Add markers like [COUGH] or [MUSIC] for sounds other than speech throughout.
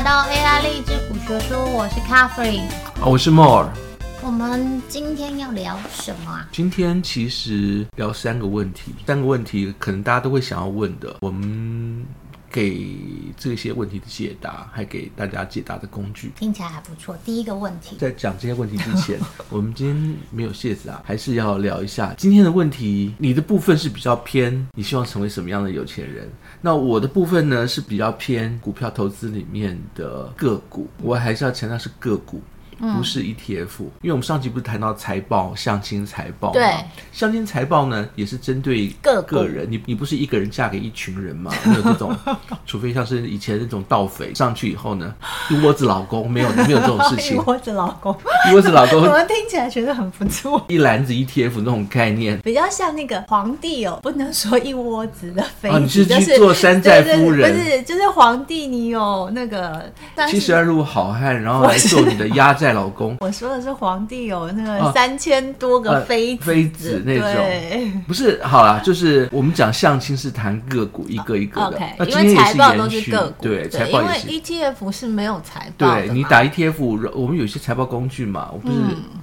來到 AI 荔枝古學說，我是 Catherine 啊，我是 More。我們今天要聊什麼啊？今天其實聊三個問題，三個問題可能大家都會想要問的。我們。給這些問題的解答，還給大家解答的工具，聽起來還不錯。第一個問題，在講這些問題之前， [LAUGHS] 我們今天沒有謝詞啊，還是要聊一下今天的問題。你的部分是比較偏，你希望成為什麼樣的有錢人？那我的部分呢是比較偏股票投資裡面的個股，我還是要強調是個股。不是 ETF，、嗯、因為我們上集不是談到財報相親財報，相報對相親財報呢，也是針對各個人。公你你不是一個人嫁給一群人嗎？沒有這種， [LAUGHS] 除非像是以前那種盜匪上去以後呢，一窩子老公沒有沒有這種事情。 [LAUGHS] 一窩子老公， [LAUGHS] 一窩子老公，怎麼聽起來覺得很不錯。 [LAUGHS] 一籃子 ETF 那種概念，比較像那個皇帝哦，不能說一窩子的妃、啊、你是去做山寨夫人，就是、對對對不是就是皇帝，你有那個七十二路好漢，然後來做你的壓寨。 [LAUGHS] 老公，我說的是皇帝有那個三千多個妃子、子、啊啊、妃子那種，對不是好啦，就是我們講相親是談個股一個一個的，oh, okay. 那今天也是延續，因為財報都是個股，對，財報也是。因為 ETF 是沒有財報對，你打 ETF，我們有一些財報工具嘛，我不是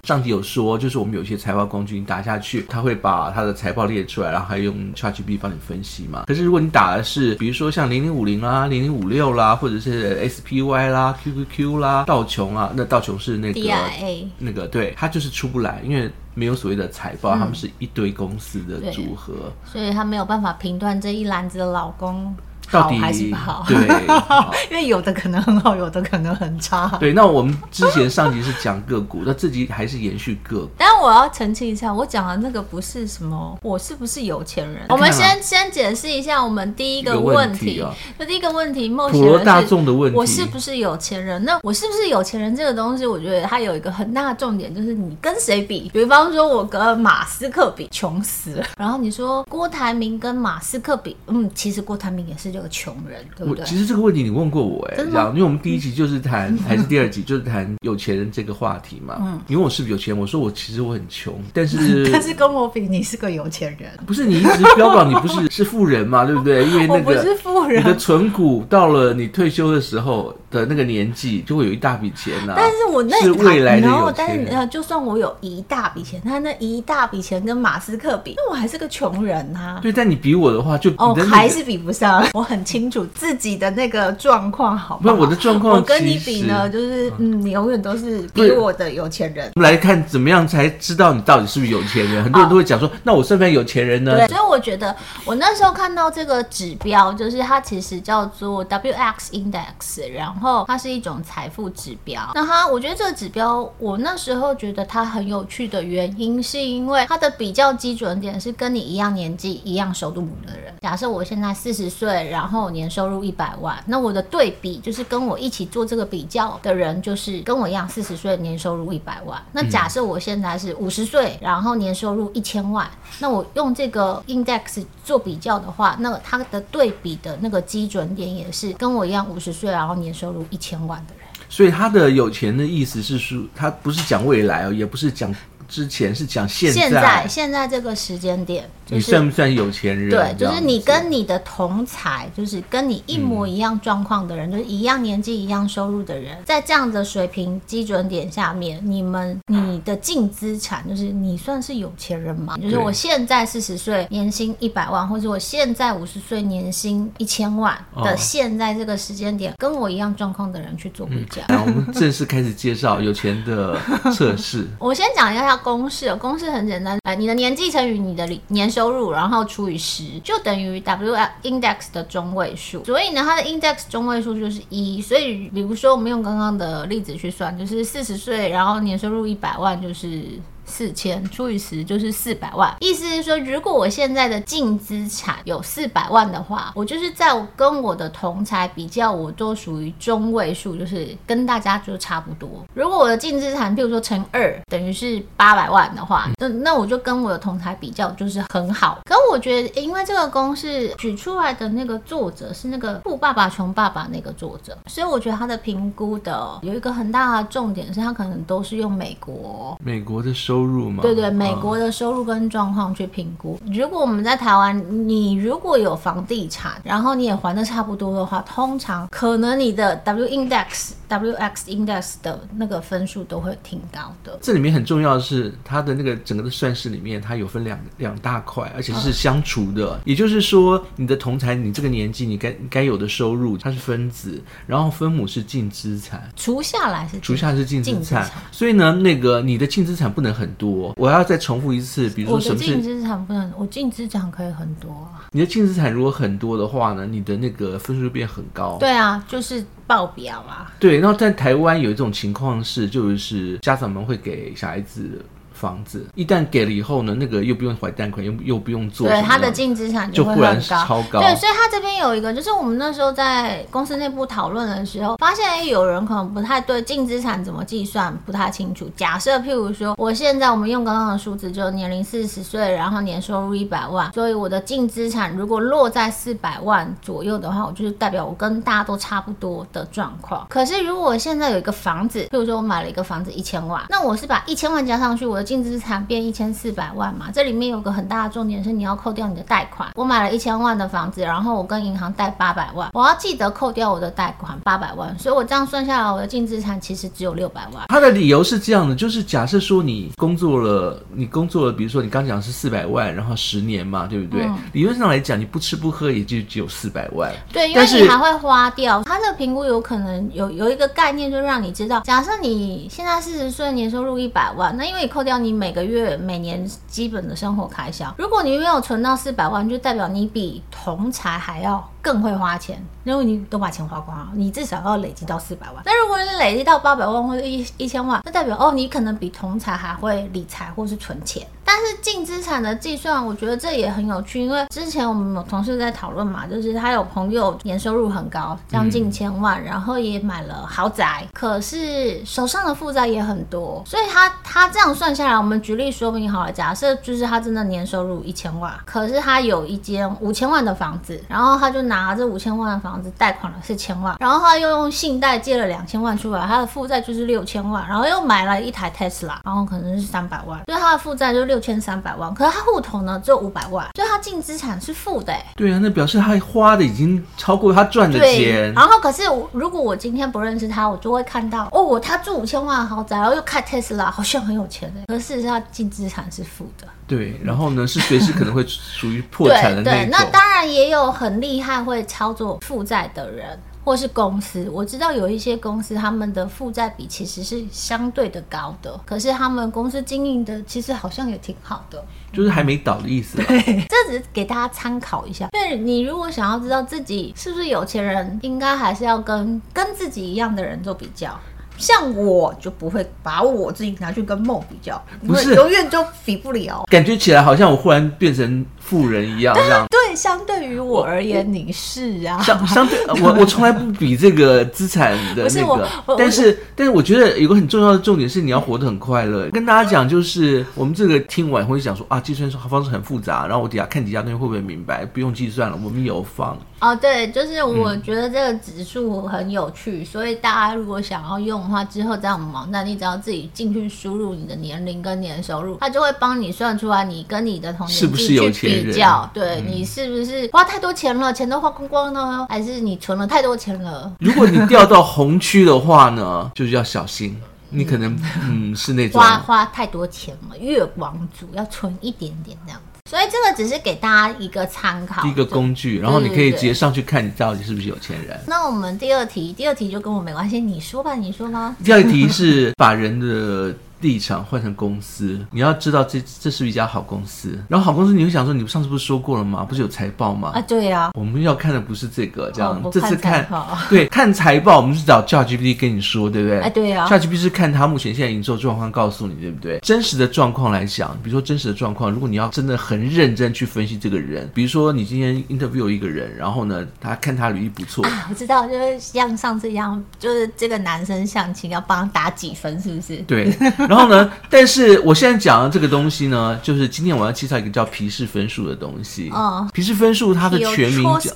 上集有說，就是我們有一些財報工具你打下去，他會把他的財報列出來，然後還用 Charge B 幫你分析嘛。可是如果你打的是比如說像零零五零啦、零零五六啦，或者是 SPY 啦、QQQ 啦、道瓊啊，那道瓊是。那個 DIA 那個，對，他就是出不來，因為沒有所謂的財報，嗯，他們是一堆公司的組合，所以他沒有辦法評斷這一籃子的老公，到底還是不好？對， [LAUGHS] 因為有的可能很好，有的可能很差。對，那我們之前上集是講個股， [LAUGHS] 那這集還是延續個股。但我要澄清一下，我講的那個不是什麼我是不是有錢人。啊、我們先先解釋一下，我們第一個問題，那、啊、第一個問題，人是普羅大眾的問題，我是不是有錢人？那我是不是有錢人這個東西，我覺得它有一個很大的重點，就是你跟誰比。比方說，我跟馬斯克比，窮死了。然後你說郭台銘跟馬斯克比，嗯，其實郭台銘也是有。窮人對不對？其實這個問題你問過我哎，欸，這樣，因為我們第一集就是談、嗯，還是第二集就是談有錢人這個話題嘛。嗯，你問我是不是有錢？我說我其實我很窮，但是但是跟我比，你是個有錢人。不是你一直標榜你不是 [LAUGHS] 是富人嘛，對不對？因為、那個、我不是富人，你的存股到了你退休的時候，的那個年紀就會有一大筆錢啦、啊，但是我那是未來的然後、no, 但是呃，就算我有一大筆錢，他那一大筆錢跟馬斯克比，那我還是個窮人吶、啊。對，但你比我的話就哦、那個，oh, 還是比不上、啊。我很清楚自己的那個狀況，好嗎？那我的狀況我跟你比呢，就是嗯，你永遠都是比我的有錢人。我們來看怎麼樣才知道你到底是不是有錢人。好很多人都會講說，那我算不算有錢人呢？對。所以我覺得我那時候看到這個指標，就是它其實叫做 WX index，然後。後它是一種財富指標。那它，我覺得這個指標，我那時候覺得它很有趣的原因，是因為它的比較基準點是跟你一樣年紀、一樣收入的人。假設我現在四十歲，然後年收入一百萬，那我的對比就是跟我一起做這個比較的人，就是跟我一樣四十歲、年收入一百萬。那假設我現在是五十歲，然後年收入一千萬，那我用這個 index 做比較的話，那它的對比的那個基準點也是跟我一樣五十歲，然後年收入一千萬。有一千萬的人，所以他的有錢的意思是說，他不是講未來哦，也不是講。之前是講現在，現在，現在這個時間點，就是，你算不算有錢人？對，就是你跟你的同儕，是就是跟你一模一樣狀況的人，嗯、就是一樣年紀、一樣收入的人，在這樣的水平基準點下面，你們你的淨資產，就是你算是有錢人嗎？就是我現在四十歲，年薪一百萬，或者我現在五十歲，年薪一千萬的，現在這個時間點，嗯、跟我一樣狀況的人去做比較。嗯、我們正式開始介紹有錢的測試。 [LAUGHS] 我先講一下。公式公式很簡單，哎，你的年紀乘以你的年收入，然後除以十，就等於 WX index 的中位數。所以呢，它的 index 中位數就是一。所以，比如說我們用剛剛的例子去算，就是四十歲，然後年收入一百萬，就是。四千除以十就是四百萬，意思是說，如果我現在的淨資產有四百萬的話，我就是在我跟我的同儕比較，我都屬於中位數，就是跟大家就差不多。如果我的淨資產，譬如說乘二，等於是八百萬的話，那、嗯呃、那我就跟我的同儕比較就是很好。可我覺得，因為這個公式舉出來的那個作者是那個富爸爸窮爸爸那個作者，所以我覺得他的評估的有一個很大的重點是，他可能都是用美國、哦、美國的收入嘛，對對，美國的收入跟狀況去評估。如果我們在台灣，你如果有房地產，然後你也還的差不多的話，通常可能你的 W index、WX index 的那個分數都會挺高的。這裡面很重要的是，它的那個整個的算式裡面，它有分兩兩大塊，而且是相除的。Oh. 也就是說，你的同才，你這個年紀你該你該有的收入，它是分子，然後分母是淨資產，除下來是除下來是淨資產。所以呢，那個你的淨資產不能很。很多，我要再重複一次，比如說什麼淨資產不能，我淨資產可以很多啊。你的淨資產如果很多的話呢，你的那個分數就變很高。對啊，就是爆表啊。對，然後在台灣有一種情況是，就是家長們會給小孩子。房子一旦給了以後呢，那個又不用還貸款，又又不用做，對，他的淨資產就會突然超高。對，所以他這邊有一個，就是我們那時候在公司內部討論的時候，發現有人可能不太對淨資產，怎麼計算不太清楚。假設譬如說，我現在我們用剛剛的數字，就年齡四十歲，然後年收入一百萬，所以我的淨資產如果落在四百萬左右的話，我就是代表我跟大家都差不多的狀況。可是如果現在有一個房子，譬如說我買了一個房子一千萬，那我是把一千萬加上去，我的淨。淨資產變一千四百萬嘛？這裡面有個很大的重點是，你要扣掉你的貸款。我買了一千萬的房子，然後我跟銀行貸八百萬，我要記得扣掉我的貸款八百萬，所以我這樣算下來，我的淨資產其實只有六百萬。他的理由是這樣的，就是假設說你工作了，你工作了，比如說你剛講是四百萬，然後十年嘛，對不對？嗯，理論上來講，你不吃不喝也就只有四百萬。對，因為你還會花掉。但是，他這個評估有可能有有一個概念，就讓你知道，假設你現在四十歲，年收入一百萬，那因為你扣掉。那你每個月、每年基本的生活開銷，如果你沒有存到四百萬，就代表你比同儕還要。更會花錢，因為你都把錢花光了，你至少要累積到四百萬。那如果你累積到八百萬或者一一千萬，那代表哦，你可能比同儕還會理財或是存錢。但是淨資產的計算，我覺得這也很有趣，因為之前我們有同事在討論嘛，就是他有朋友年收入很高，將近千萬，然後也買了豪宅，可是手上的負債也很多，所以他他這樣算下來，我們舉例說明好了，假設就是他真的年收入一千萬，可是他有一間五千萬的房子，然後他就拿。拿這五千萬的房子貸款了四千萬，然後他又用信貸借了兩千萬出買，他的負債就是六千萬，然後又買了一台 Tesla，然後可能是三百萬，所以他的負債就是六千三百萬。可是他戶頭呢只有五百萬，所以他淨資產是負的。對啊，那表示他花的已經超過他賺的錢。然後可是如果我今天不認識他，我就會看到哦，我他住五千萬豪宅，然後又開 s l a 好像很有錢的，可是他淨資產是負的。對，然後呢是隨時可能會屬於破產的那一種 [LAUGHS] 對，對，那當然也有很厲害會操作負債的人，或是公司。我知道有一些公司，他們的負債比其實是相對的高的，可是他們公司經營的其實好像也挺好的，就是還沒倒的意思吧。對 [LAUGHS] 這只是給大家參考一下，對，你如果想要知道自己是不是有錢人，應該還是要跟跟自己一樣的人做比較。像我就不會把我自己拿去跟夢比較，不是永遠就比不了。感覺起來好像我忽然變成富人一樣，對啊，這樣。對相對於我而言，你是啊。相相對 [LAUGHS] 我，我從來不比這個資產的那個。不是我，但是我但是我覺得有個很重要的重點是，你要活得很快樂。嗯、跟大家講，就是我們這個聽完會想說啊，計算方式很複雜。然後我底下看底下東西會不會明白？不用計算了，我們有房。哦，對，就是我覺得這個指數很有趣，嗯、所以大家如果想要用的話，之後在我們網站，你只要自己進去輸入你的年齡跟年收入，它就會幫你算出來你跟你的同年紀，是不是有錢人，去比較。對，嗯、你是。是不是花太多錢了？錢都花光光了，還是你存了太多錢了？如果你掉到紅區的話呢，就是要小心。你可能嗯，嗯是那種花花太多錢了，月光族要存一點點這樣子。所以這個只是給大家一個參考，一個工具，就然後你可以直接上去看你到底是不是有錢人。對對對，那我們第二題，第二題就跟我沒關係，你說吧，你說吧。第二題是把人的立場換成公司，你要知道這這是，是一家好公司。然後好公司你會想說，你上次不是說過了嗎？不是有財報嗎？啊，對呀。我們要看的不是這個，這樣。哦、這次看對看財報， [LAUGHS] 我們是找 ChatGPT 跟你說，對不對？哎，對呀、啊。ChatGPT 是看他目前現在營收狀況，告訴你，對不對？真實的狀況來講，比如說真實的狀況，如果你要真的很認真去分析這個人，比如說你今天 interview 一個人，然後呢，他看他履歷不錯、啊。我知道，就是像上次一樣，就是這個男生相親要幫他打幾分，是不是？對。 [LAUGHS] [LAUGHS] 然後呢，但是我現在講的這個東西呢，就是今天我要介紹一個叫皮氏分數的東西。哦，皮氏分數它的全名叫。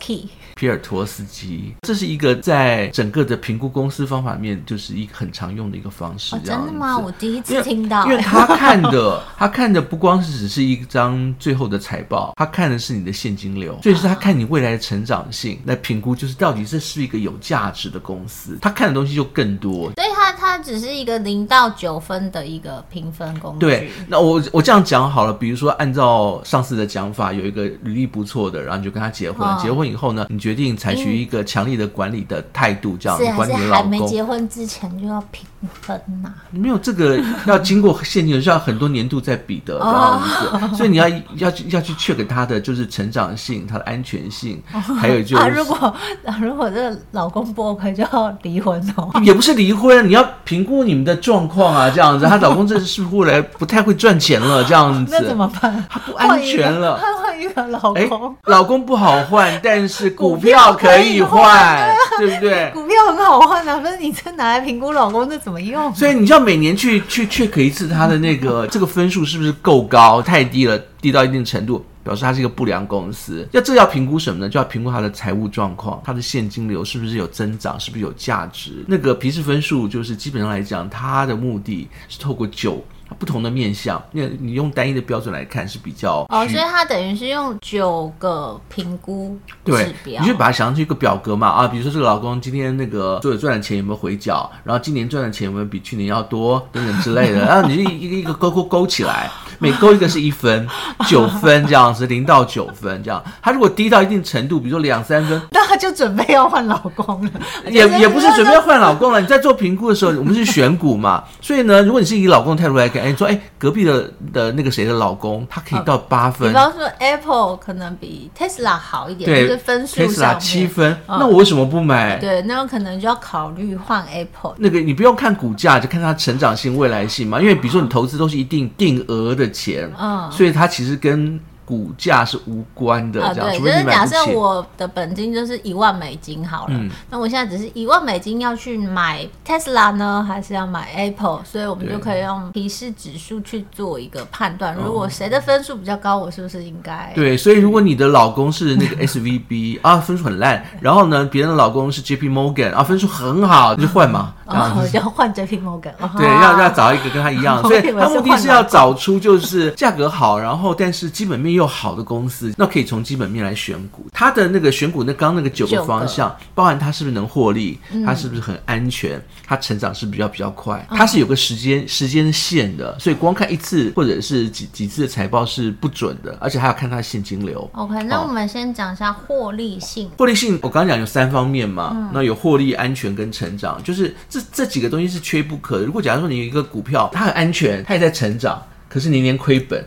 皮爾托斯基，這是一個在整個的評估公司方法面，就是一個很常用的一個方式、哦。真的嗎？我第一次聽到。因為，因為他看的， [LAUGHS] 他看的不光是只是一張最後的財報，他看的是你的現金流，所以是他看你未來的成長性、啊、來評估，就是到底這是一個有價值的公司。他看的東西就更多，所以他，他他只是一個零到九分的一個評分工具。對，那我我這樣講好了，比如說按照上次的講法，有一個履歷不錯的，然後你就跟他結婚、哦、結婚以後呢，你就。決定採取一個強力的管理的態度，叫你管理老公，嗯啊、還沒結婚之前就要平。你分哪沒有這個要經過現金需 [LAUGHS] 要很多年度再比的 [LAUGHS] 所以你要要要去 check 他的就是成長性、他的安全性， [LAUGHS] 還有就是，啊、如果如果這個老公不 OK 就要離婚，也不是離婚，你要評估你們的狀況啊，這樣子，他老公這是不是後來不太會賺錢了，這樣子 [LAUGHS] 那怎麼辦？他不安全了，換一，他換一個老公，老公不好換，但是股票可以換，對不對？股票很好換啊，不是，你這拿來評估老公這怎？怎麼用？所以你就要每年去去去 check 一次他的那個這個分數是不是夠高？太低了，低到一定程度，表示他是一個不良公司。要這要評估什麼呢？就要評估他的財務狀況，他的現金流是不是有增長，是不是有價值？那個皮氏分數就是基本上來講，它的目的是透過九。不同的面向，那你用單一的標準來看是比較哦，所以他等於是用九個評估指標，對你就把它想象成一個表格嘛啊，比如說這個老公今天那個做的賺的錢有沒有回繳，然後今年賺的錢有沒有比去年要多等等之類的，然後、 [LAUGHS] 啊、你就一個一個勾勾勾起來，每勾一個是一分，九分這樣子，零到九分這樣，他如果低到一定程度，比如說兩三分。 [LAUGHS] 就準備要換老公了，就是、也也不是準備要換老公了。 [LAUGHS] 你在做評估的時候，我們是選股嘛， [LAUGHS] 所以呢，如果你是以老公的態度來看，你、欸、說，哎、欸，隔壁的的那個誰的老公，他可以到八分。比方、嗯、說，Apple 可能比 Tesla 好一點，對就是分數。Tesla 七分，嗯、那我為什麼不買？對，那我可能就要考慮換 Apple。那個，你不用看股價，就看它成長性、未來性嘛。因為比如說，你投資都是一定定額的錢，嗯、所以它其實跟。股價是無關的，這樣、啊，對，就是假設我的本金就是一萬美金好了，嗯、那我現在只是一萬美金要去買 Tesla 呢，還是要買 Apple？所以我們就可以用皮氏指數去做一個判斷。如果誰的分數比較高，我是不是應該？對，所以如果你的老公是那個 S V B [LAUGHS] 啊，分數很爛，然後呢，別人的老公是 J P Morgan 啊，分數很好，就換嘛，然後就換、是哦、J P Morgan，哦。對，要要找一個跟他一樣，以所以他目的是要找出就是價格好，然後但是基本面又。又好的公司，那可以從基本面來選股。它的那個選股，那剛剛那個九個方向，九個，包含它是不是能獲利，嗯、它是不是很安全，它成長是比較比較快，Okay，它是有個時間時間線的，所以光看一次或者是幾幾次的財報是不準的，而且還要看它的現金流。OK，那我們先講一下獲利性。哦、獲利性，我剛剛講有三方面嘛，那、嗯、有獲利、安全跟成長，就是這這幾個東西是缺一不可的。如果假如說你有一個股票，它很安全，它也在成長。可是你年年虧本，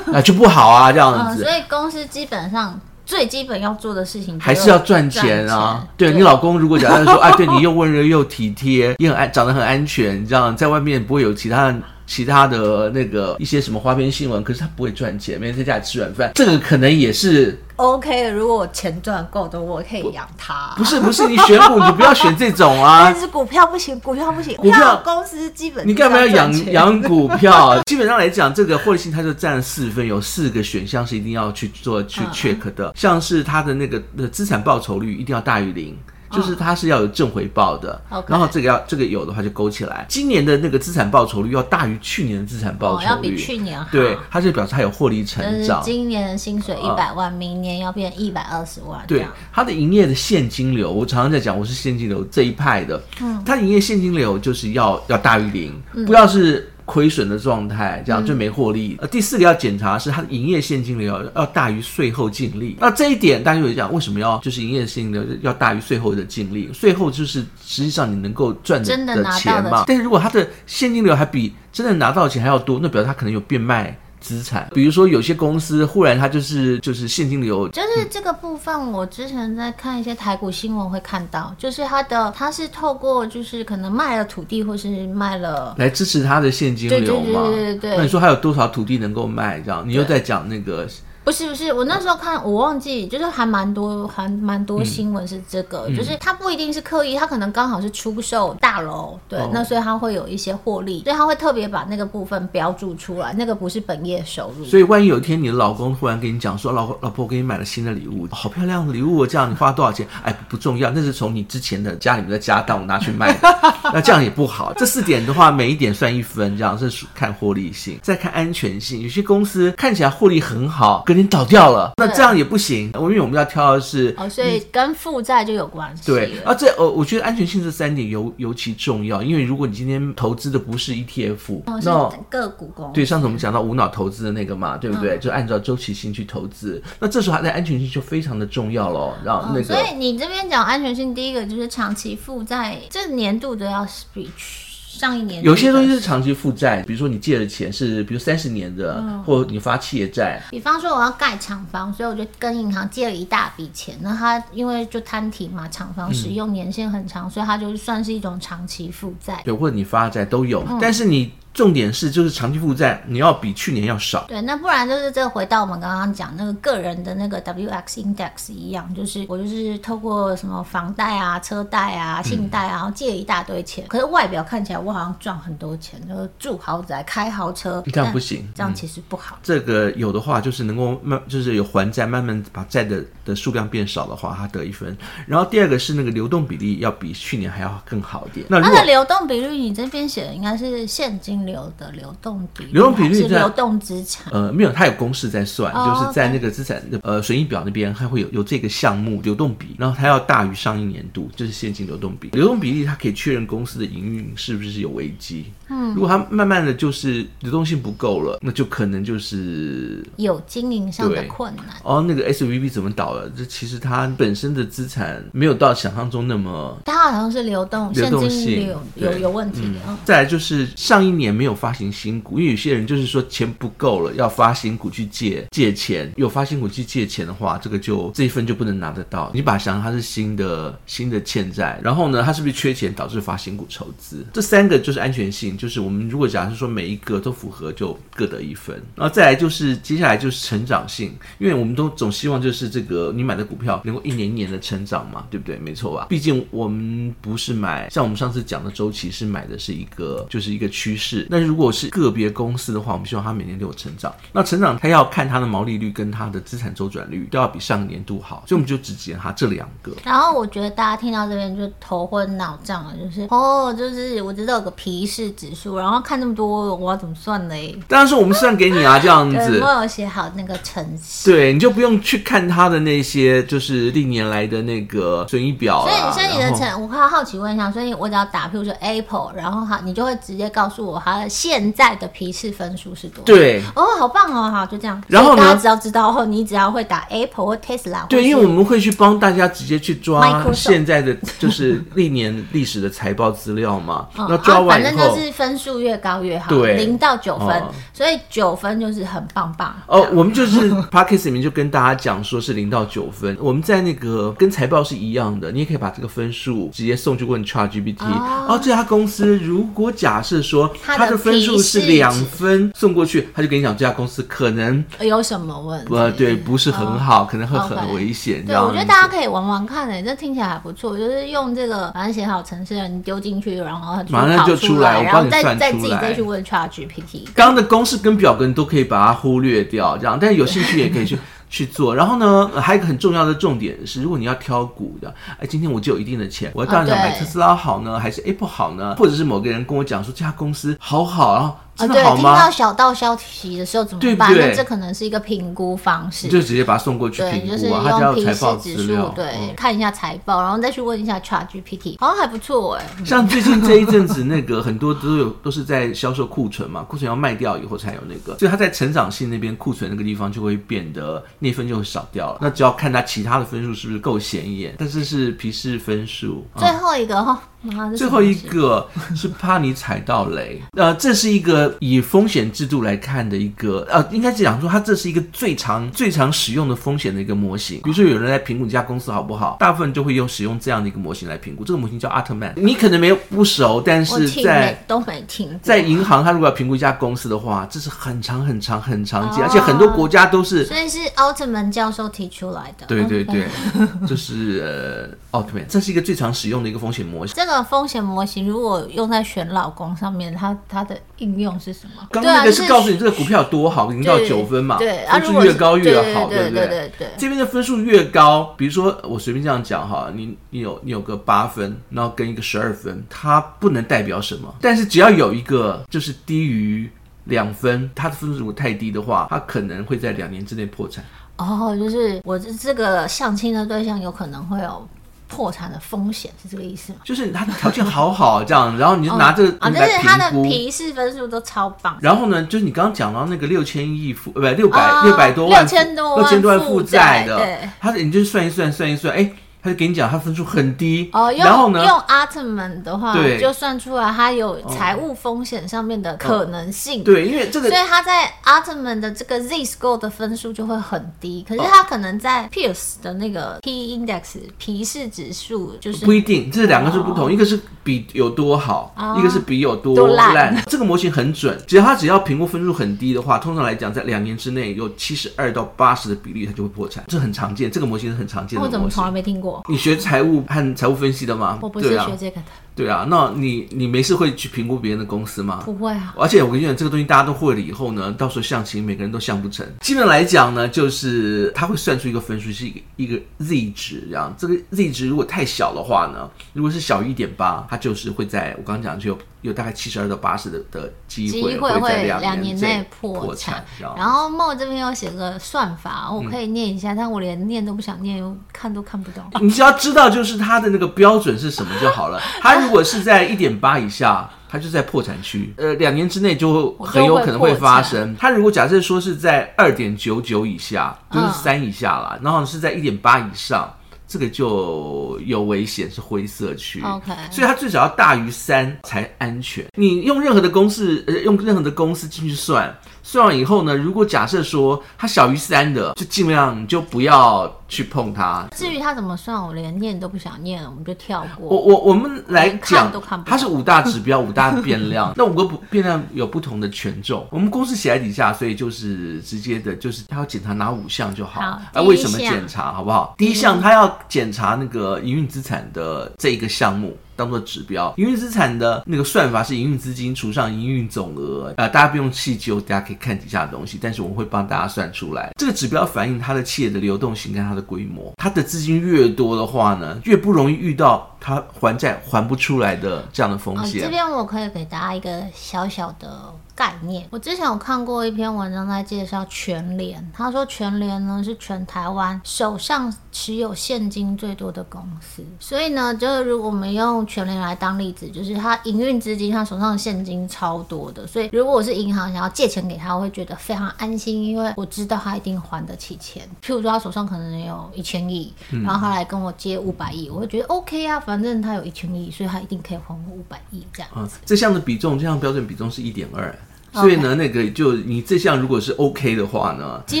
那、 [LAUGHS] 啊、就不好啊，這樣子。嗯、所以公司基本上最基本要做的事情、啊，還是要賺錢啊。對，對你老公，如果假設說啊、哎，對你又溫柔又體貼，又 [LAUGHS] 很安，長得很安全，你知道，在外面不會有其他的。其他的那個一些什麼花邊新聞，可是他不會賺錢，每天在家裡吃軟飯，這個可能也是 OK 的。如果我錢賺夠的我可以養他，啊不。不是不是，你選股你不要選這種啊！ [LAUGHS] 但是股票不行，股票不行，股票，股票公司基本你幹嘛要養養錢股票，啊？ [LAUGHS] 基本上來講，這個獲利性它就占四分，有四個選項是一定要去做去 check 的，嗯、像是它的那個的資產報酬率一定要大於零。就是它是要有正回報的，oh, okay. 然後這個要這個有的話就勾起來。今年的那個資產報酬率要大於去年的資產報酬率，oh, 要比去年對好。對，它就表示它有獲利成長。今年的薪水一百萬，oh, 明年要變一百二十萬。對，它的營業的現金流，我常常在講，我是現金流這一派的。他、嗯、它營業現金流就是要要大於零，嗯、不要是。虧損的狀態，這樣就沒獲利。呃、嗯，第四個要檢查是它的營業現金流要大於稅後淨利。那這一點大家就會講，為什麼要就是營業現金流要大於稅後的淨利？稅後就是實際上你能夠賺的錢嘛。錢。但是如果它的現金流還比真的拿到的錢還要多，那表示它可能有變賣。資產，比如說有些公司忽然它就是就是現金流，就是這個部分。我之前在看一些台股新聞會看到，就是它的它是透過就是可能賣了土地或是賣了來支持它的現金流嘛？對對對對對對。那你說還有多少土地能夠賣？這樣，你又在講那個。不是不是，我那時候看、嗯、我忘記，就是還蠻多還蠻多新聞是這個，嗯、就是它不一定是刻意，它可能剛好是出售大樓，對，哦、那所以他會有一些獲利，所以他會特別把那個部分標注出來，那個不是本業收入。所以萬一有一天你的老公突然跟你講說，老老婆，我給你買了新的禮物，好漂亮的禮物，這樣，你花了多少錢？哎，不重要，那是從你之前的家裡面的家當拿去賣的， [LAUGHS] 那這樣也不好。這四點的話，每一點算一分，這樣是看獲利性，再看安全性。有些公司看起來獲利很好，跟倒掉了，那這樣也不行。對因為我們要挑的是，哦，所以跟負債就有關係。對啊，這我、哦、我覺得安全性這三點尤尤其重要。因為如果你今天投資的不是 ETF，哦，那是個股。對，上次我們講到無腦投資的那個嘛，對不對？哦、就按照周期性去投資，那這時候它的安全性就非常的重要咯，然後那個、哦，所以你這邊講安全性，第一個就是長期負債，這年度都要 speech。上一年一，有些東西是長期負債，比如說你借的錢是，比如三十年的，嗯、或你發企業債。比方說我要蓋廠房，所以我就跟銀行借了一大筆錢。那它因為就攤提嘛，廠房使用年限很長，嗯、所以它就算是一種長期負債。對，或者你發的債都有，嗯、但是你。重點是就是長期負債你要比去年要少。對，那不然就是這回到我們剛剛講那個個人的那個 WX index 一樣，就是我就是透過什麼房貸啊、車貸啊、信貸啊，然後借一大堆錢，嗯、可是外表看起來我好像賺很多錢，然後住豪宅、開豪車，這樣不行，這樣其實不好、嗯。這個有的話就是能夠慢，就是有還債，慢慢把債的的數量變少的話，它得一分。然後第二個是那個流動比例要比去年還要更好一點。那它的流動比率，你這邊寫的應該是現金。流的流動比，流動比率是流動資產。呃，沒有，它有公式在算，oh, okay. 就是在那個資產的呃損益表那邊，它會有有這個項目流動比，然後它要大於上一年度，就是現金流動比。Okay. 流動比例它可以確認公司的營運是不是有危機。嗯，如果它慢慢的就是流動性不夠了，那就可能就是有經營上的困難。哦，oh, 那個 SVB 怎麼倒了？這其實它本身的資產沒有到想象中那麼，它好像是流動流動性有有問題。嗯，再來就是上一年。沒有發行新股，因為有些人就是說錢不夠了，要發新股去借借錢。有發新股去借錢的話，這個就這一分就不能拿得到。你把想它是新的新的欠債，然後呢，它是不是缺錢導致發新股籌資？這三個就是安全性，就是我們如果假設說每一個都符合，就各得一分。然後再來就是接下來就是成長性，因為我們都總希望就是這個你買的股票能夠一年一年的成長嘛，對不對？沒錯吧？畢竟我們不是買像我們上次講的周期，是買的是一個就是一個趨勢。那如果是個別公司的話，我們希望它每年都有成長。那成長它要看它的毛利率跟它的資產周轉率都要比上年度好，所以我們就只檢它這兩個。然後我覺得大家聽到這邊就頭昏腦脹了，就是哦，就是我知道有個皮氏指數，然後看那麼多我要怎麼算呢？但是我們算給你啊，這樣子。我有寫好那個程式。對，你就不用去看他的那些就是歷年來的那個損益表。所以你像你的成，後我好奇問一下，所以我只要打，比如說 Apple，然後它你就會直接告訴我哈現在的皮氏分數是多少？對，哦，oh, 好棒哦，哈，就這樣。然後大家只要知道後，你只要會打 Apple 或 Tesla，對，因為我們會去幫大家直接去抓 Microsoft 現在的，就是歷年歷史的財報資料嘛。 [LAUGHS] 那抓完，哦，反正就是分數越高越好，對，零到九分。哦所以九分就是很棒棒哦。我們就是 podcast 裡面就跟大家講說是零到九分，我們在那個跟財報是一樣的，你也可以把這個分數直接送去問 Chat GPT。哦，這家公司如果假設說他的分數是兩分，送過去他就跟你講這家公司可能有什麼問題。呃，對，不是很好，可能會很危險，對，我覺得大家可以玩玩看誒，這聽起來還不錯。就是用這個反正寫好程式的人丟進去，然後馬上就出來，然後再再自己再去問 Chat GPT。剛剛的公。是跟表格你都可以把它忽略掉，這樣。但是有興趣也可以去對 [LAUGHS] 去做。然後呢，還有一個很重要的重點是，如果你要挑股的，哎，今天我就有一定的錢，我要到底想買特斯拉好呢，oh, 對還是 Apple 好呢？或者是某個人跟我講說這家公司好好啊？然後啊，對，聽到小道消息的時候怎麼辦？對對，那這可能是一個評估方式，就直接把它送過去評估啊。他就要、是、財報資料對，嗯、看一下財報，然後再去問一下 ChatGPT，好像還不錯哎。像最近這一陣子，那個很多都有都是在銷售庫存嘛，庫存要賣掉以後才有那個，所以它在成長性那邊庫存那個地方就會變得內分就會少掉了。那只要看它其他的分數是不是夠顯眼，但是是皮氏分數。啊、最後一個哈，哦啊、最後一個是怕你踩到雷，呃，這是一個。以風險制度來看的一個，呃，應該是講說它這是一個最常、最常使用的風險的一個模型。比如說，有人來評估一家公司好不好，大部分就會用使用這樣的一個模型來評估。這個模型叫 Altman，你可能沒有不熟，但是在沒都沒聽在銀行，他如果要評估一家公司的話，這是很長、很長、很長期，啊，而且很多國家都是。所以是 Altman 教授提出來的。對對對，Okay. 就是 Altman，呃，這是一個最常使用的一個風險模型。這個風險模型如果用在選老公上面，它它的應用。嗯、是什麼？剛剛那個是告訴你這個股票有多好，零、啊就是、到九分嘛，對，對，對，分數越高越好，對不對？對，對，這邊的分數越高，比如說我隨便這樣講哈，你你有你有個八分，然後跟一個十二分，它不能代表什麼，但是只要有一個就是低於兩分，它的分數如果太低的話，它可能會在兩年之內破產。哦，oh, 就是我這這個相親的對象有可能會有。破產的風險是這個意思嗎？就是他的條件好好這樣， [LAUGHS] 然後你就拿、這個、哦、啊，就是他的皮氏分數都超棒。然後呢，就是你剛剛講到那個六千億負，呃，不，六百、哦、六百多萬，六千多六千多萬負債的，對，他，你就算一算，算一算，哎、欸。他就給你講，他分數很低哦。然後呢，用 Altman 的話，對就算出來他有財務風險上面的可能性。哦哦、對，因為這個，所以他在 Altman 的這個 Z score 的分數就會很低。可是他可能在 Pierce 的那個 P index 皮氏指數就是不一定，這兩個是不同，哦、一個是比有多好，哦、一個是比有多，多爛。這個模型很準，只要他只要評估分數很低的話，通常來講在兩年之內有七十二到八十的比例，它就會破產，這很常見。這個模型是很常見的，我怎麼從來沒聽過？你學財務和財務分析的嗎？我不是學這個的。對啊，那你你沒事會去評估別人的公司嗎？不會啊。而且我跟你講，這個東西大家都會了以後呢，到時候相親，每個人都相不成。基本來講呢，就是他會算出一個分數，是一個一個 Z 值，這樣。這個 Z 值，如果太小的話呢，如果是小於一點八，它就是會在我剛剛講，就有，有大概七十二到八十的的機會會，機會會兩年內破產。然後茂這邊要寫個算法，我可以念一下，嗯、但我連念都不想念，又看都看不懂。你只要知道就是它的那個標準是什麼就好了。 [LAUGHS] 啊、它。如果是在一點八以下，它就在破產區，呃，兩年之內就很有可能會發生。它如果假設說是在二點九九以下，就是三以下了，嗯、然後是在一點八以上，這個就有危險，是灰色區。Okay 所以它最少要大於三才安全。你用任何的公式，呃，用任何的公式進去算，算完以後呢，如果假設說它小於三的，就盡量就不要。去碰它。至於它怎麼算，我連念都不想念了，我們就跳過。我我我們來講，看它是五大指標，五大變量。那 [LAUGHS] 五個不變量有不同的權重。我們公式寫在底下，所以就是直接的，就是它要檢查哪五項就好。啊，為什麼檢查，好不好？第一項，它要檢查那個營運資產的這一個項目當做指標。營運資產的那個算法是營運資金除上營運總額。啊、呃，大家不用細究，大家可以看底下的東西，但是我們會幫大家算出來。這個指標反映它的企業的流動性跟它的。規模，它的資金越多的話呢，越不容易遇到。他還債還不出來的這樣的風險。啊啊，這邊我可以給大家一個小小的概念。我之前有看過一篇文章在介紹全聯，他說全聯呢是全台灣手上持有現金最多的公司，所以呢，就是如果我們用全聯來當例子，就是他營運資金他手上的現金超多的，所以如果我是銀行想要借錢給他，我會覺得非常安心，因為我知道他一定還得起錢。譬如說他手上可能有一千億，然後他來跟我借五百億，嗯、我會覺得 OK 啊。反正它有一千億，所以它一定可以還我五百億這樣子。啊，這項的比重，這項標準比重是一點二。所以呢，Okay. 那個就你這項如果是 OK 的話呢，基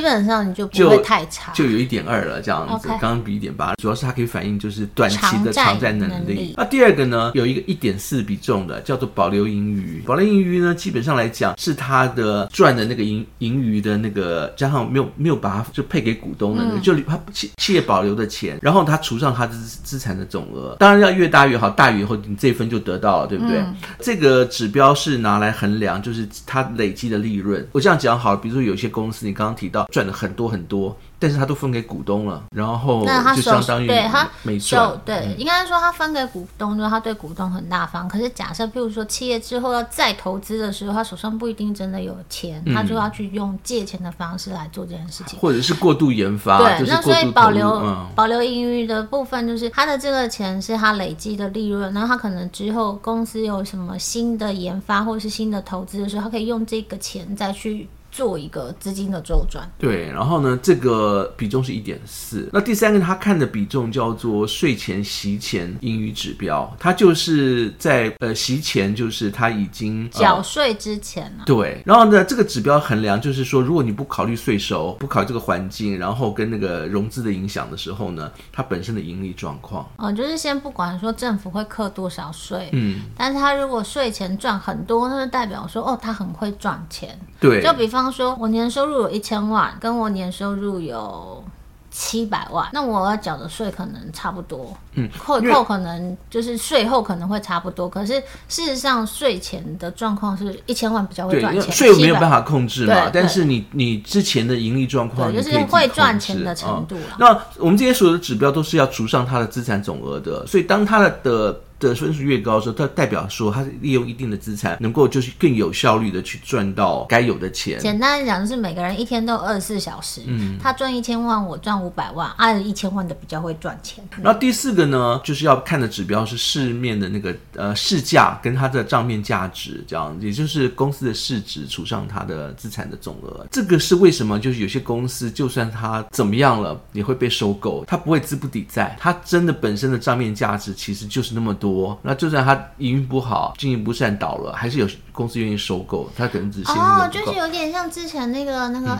本上你就不會太差，就有一點二了這樣子，剛剛 Okay. 比一點八，主要是它可以反映就是短期的償債能力。能力，那第二個呢，有一個一點四比重的叫做保留盈餘。保留盈餘呢，基本上來講是它的賺的那個盈盈餘的那個加上沒有沒有把它就配給股東的那個，嗯、就它企業保留的錢，然後它除上它的資產的總額，當然要越大越好，大於以後你這一分就得到了，對不對？嗯、這個指標是拿來衡量，就是它。累積的利潤，我這樣講好了，比如說有些公司，你剛剛提到賺了很多很多。但是他都分給股東了，然後那相當於他對他沒錯，對，應該說他分給股東，就是他對股東很大方。可是假設，譬如說企業之後要再投資的時候，他手上不一定真的有錢，嗯、他就要去用借錢的方式來做這件事情，或者是過度研發。對，就是過度研發，那所以保留、嗯、保留盈餘的部分，就是他的這個錢是他累積的利潤，然後他可能之後公司有什麼新的研發或是新的投資的時候，他可以用這個錢再去。做一個資金的周轉，對，然後呢，這個比重是一點四。那第三個他看的比重叫做稅前息前盈餘指標，他就是在呃息前，就是他已經繳稅之前、啊、對，然後呢，這個指標衡量就是說，如果你不考慮稅收，不考慮這個環境，然後跟那個融資的影響的時候呢，它本身的盈利狀況。嗯、呃，就是先不管說政府會扣多少稅，嗯，但是他如果稅前賺很多，那就代表說哦，他很會賺錢。對，就比方。剛剛說，我年收入有一千萬，跟我年收入有七百萬，那我要繳的稅可能差不多，嗯，扣扣可能就是稅後可能會差不多，可是事實上稅前的狀況是一千萬比較會賺錢，因為稅沒有辦法控制嘛，但是你你之前的盈利狀況就是會賺錢的程度、哦。那我們這些所有的指標都是要除上它的資產總額的，所以當它的的。的分數越高的時候，說它代表說它利用一定的資產，能夠就是更有效率的去賺到該有的錢。簡單來講，就是每個人一天都二十四小時，嗯，他賺一千萬，我賺五百萬，按、啊、一千萬的比較會賺錢。那第四個呢，就是要看的指標是市面的那個呃市價跟它的賬面價值，這樣也就是公司的市值除上它的資產的總額。這個是為什麼？就是有些公司就算它怎麼樣了，也會被收購，它不會資不抵債，它真的本身的賬面價值其實就是那麼多。那就算他營運不好，經營不善倒了，還是有公司願意收購他，可能只是哦，就是有點像之前那個那個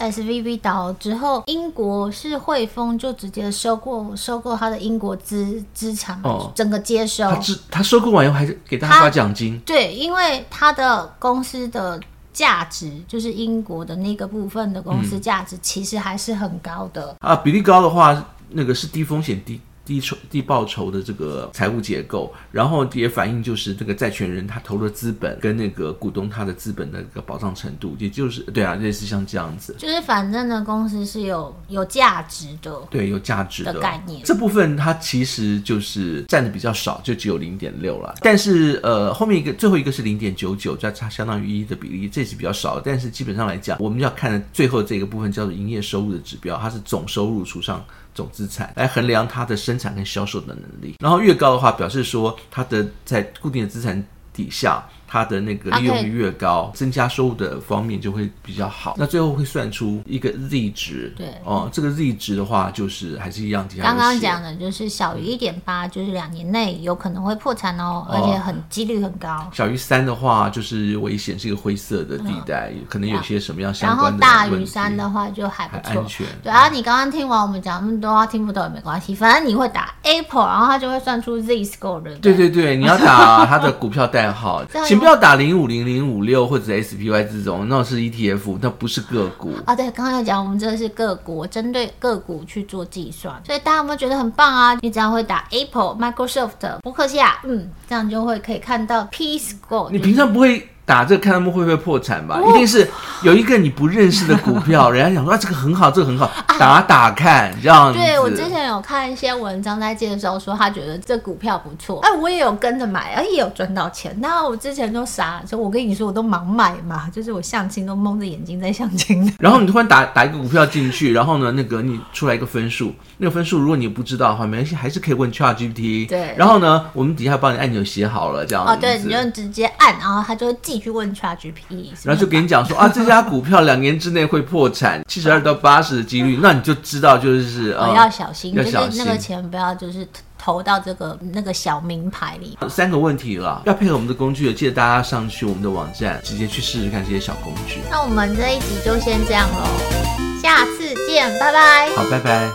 S V B 倒了之後，嗯、英國是匯豐就直接收購收購他的英國資資產、哦、整個接收。他只他收購完以後還是給大家發他發獎金，對，因為他的公司的價值，就是英國的那個部分的公司價值，其實還是很高的、嗯、啊。比例高的話，那個是低風險低。低酬低報酬的這個財務結構，然後也反映就是這個債權人他投的資本跟那個股東他的資本的一個保障程度，也就是對啊，類似像這樣子，就是反正呢，公司是有有價值的，對，有價值的，的概念。這部分它其實就是佔的比較少，就只有零點六了。但是呃，後面一個最後一個是零點九九，就差相當於一的比例，這是比較少。但是基本上來講，我們要看的最後這個部分叫做營業收入的指標，它是總收入除上，總資產來衡量它的生產跟銷售的能力，然後越高的話，表示說它的在固定的資產底下。它的那個利用率越高，增加收入的方面就會比較好。那最後會算出一個 Z 值，對哦，這個 Z 值的話，就是還是一樣。剛剛講的就是小於一點八，就是兩年內有可能會破產哦，而且很幾率很高。小於三的話，就是危險，是一個灰色的地帶，可能有些什麼樣相關的，然後大於三的話，就還不安全。對。啊，你剛剛聽完我們講那麼多，聽不懂也沒關係，反正你會打 Apple，然後它就會算出 Z score 的。對對對，你要打它的股票代號。你不要打零五零零五六或者 SPY 這種，那是 ETF，那不是個股。啊，對，剛剛有講我們這個是個股，針對個股去做計算，所以大家有沒有覺得很棒啊？你只要會打 Apple、Microsoft，波克夏啊，嗯，這樣就會可以看到 P score。你平常不會。打這個看他們會不會破產吧，oh. 一定是有一個你不認識的股票， [LAUGHS] 人家想說啊，這個很好，這個很好，ah. 打打看這樣子。對，我之前有看一些文章在介紹，說他覺得這股票不錯，哎，我也有跟着買，啊也有賺到錢。那我之前都傻，就我跟你說，我都盲買嘛，就是我相親都蒙着眼睛在相親。然後你突然打打一個股票進去，然後呢，那個你出來一個分數，那個分數如果你不知道的話，沒關係，還是可以問 ChatGPT。對，然後呢，我們底下幫你按鈕寫好了這樣子。哦，oh, 對，你就直接按，然後它就會進。去問 ChatGPT 是是然後就給你講說啊，這家股票兩年之內會破產，七十二到八十的幾率，嗯嗯、那你就知道就是呃，要小心，要小心就是那個錢不要就是投到這個那個小名牌裡。三個問題了，要配合我們的工具，記得大家上去我們的網站直接去試試看這些小工具。那我們這一集就先這樣嘍，下次見，拜拜。好，拜拜。